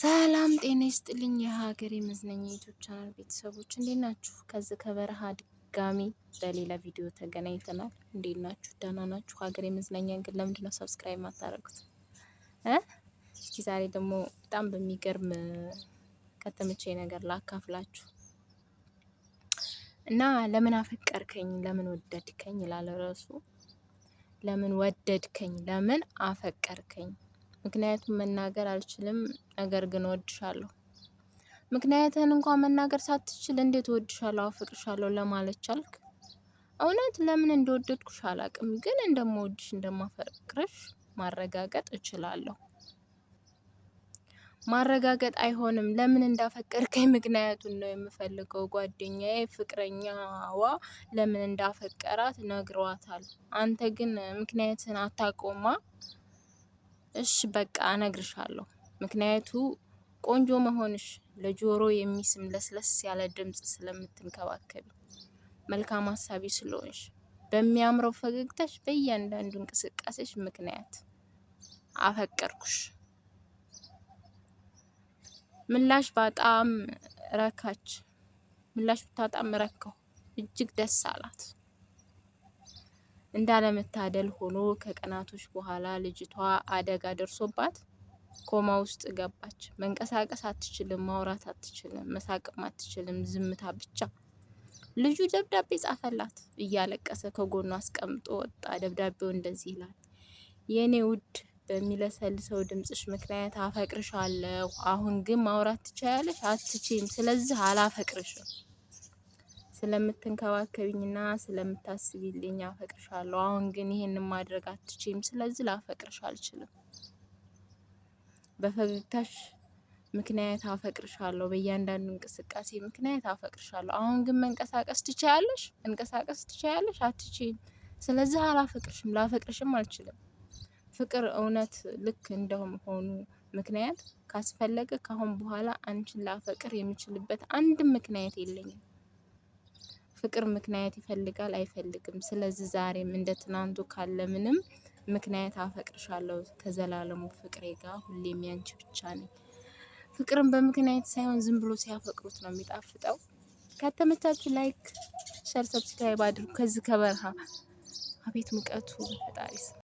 ሰላም ጤና ይስጥልኝ። የሀገሬ መዝናኛ ዩቲዩብ ቻናል ቤተሰቦች እንዴት ናችሁ? ከዚህ ከበረሃ ድጋሚ በሌላ ቪዲዮ ተገናኝተናል። እንዴት ናችሁ? ደህና ናችሁ? ሀገሬ መዝናኛ ግን ለምንድን ነው ሰብስክራይብ ማታደርጉት? እስኪ ዛሬ ደግሞ በጣም በሚገርም ከተመቸኝ ነገር ላካፍላችሁ እና ለምን አፈቀርከኝ፣ ለምን ወደድከኝ ይላል ርዕሱ። ለምን ወደድከኝ፣ ለምን አፈቀርከኝ ምክንያቱም መናገር አልችልም፣ ነገር ግን እወድሻለሁ። ምክንያትህን እንኳን መናገር ሳትችል እንዴት እወድሻለሁ፣ አፍቅርሻለሁ ለማለት ቻልክ? እውነት ለምን እንደወደድኩሽ አላቅም፣ ግን እንደምወድሽ እንደማፈቅርሽ ማረጋገጥ እችላለሁ። ማረጋገጥ አይሆንም። ለምን እንዳፈቀርከኝ ምክንያቱን ነው የምፈልገው። ጓደኛዬ ፍቅረኛዋ ለምን እንዳፈቀራት ነግሯታል። አንተ ግን ምክንያትን አታቆማ እሽ በቃ እነግርሻለሁ። ምክንያቱ ቆንጆ መሆንሽ ለጆሮ የሚስም ለስለስ ያለ ድምፅ ስለምትንከባከቢ፣ መልካም ሀሳቢ ስለሆንሽ፣ በሚያምረው ፈገግታሽ፣ በእያንዳንዱ እንቅስቃሴሽ ምክንያት አፈቀርኩሽ። ምላሽ በጣም ረካች። ምላሽ ብታጣም ረካሁ። እጅግ ደስ አላት። እንዳለመታደል ሆኖ ከቀናቶች በኋላ ልጅቷ አደጋ ደርሶባት ኮማ ውስጥ ገባች። መንቀሳቀስ አትችልም፣ ማውራት አትችልም፣ መሳቅም አትችልም፣ ዝምታ ብቻ። ልጁ ደብዳቤ ጻፈላት እያለቀሰ ከጎኑ አስቀምጦ ወጣ። ደብዳቤው እንደዚህ ይላል። የእኔ ውድ በሚለሰልሰው ድምፅሽ ምክንያት አፈቅርሻለሁ። አሁን ግን ማውራት ትችያለሽ? አትችም። ስለዚህ አላፈቅርሽም። ስለምትንከባከብኝና ስለምታስቢልኝ አፈቅርሻለሁ። አሁን ግን ይህን ማድረግ አትችም። ስለዚህ ላፈቅርሽ አልችልም። በፈገግታሽ ምክንያት አፈቅርሻለሁ። በእያንዳንዱ እንቅስቃሴ ምክንያት አፈቅርሻለሁ። አሁን ግን መንቀሳቀስ ትችያለሽ? መንቀሳቀስ ትችያለሽ? አትችም። ስለዚህ አላፈቅርሽም፣ ላፈቅርሽም አልችልም። ፍቅር እውነት ልክ እንደመሆኑ ምክንያት ካስፈለገ ከአሁን በኋላ አንቺን ላፈቅር የሚችልበት አንድም ምክንያት የለኝም። ፍቅር ምክንያት ይፈልጋል አይፈልግም። ስለዚህ ዛሬም እንደ ትናንቱ ካለ ምንም ምክንያት አፈቅርሻለሁ ከዘላለሙ ፍቅሬ ጋር ሁሌም ያንቺ ብቻ ነኝ። ፍቅርን በምክንያት ሳይሆን ዝም ብሎ ሲያፈቅሩት ነው የሚጣፍጠው። ከተመቻችሁ ላይክ፣ ሸር፣ ሰብስክራይብ አድርጉ። ከዚህ ከበረሃ አቤት ሙቀቱ ፈጣሪ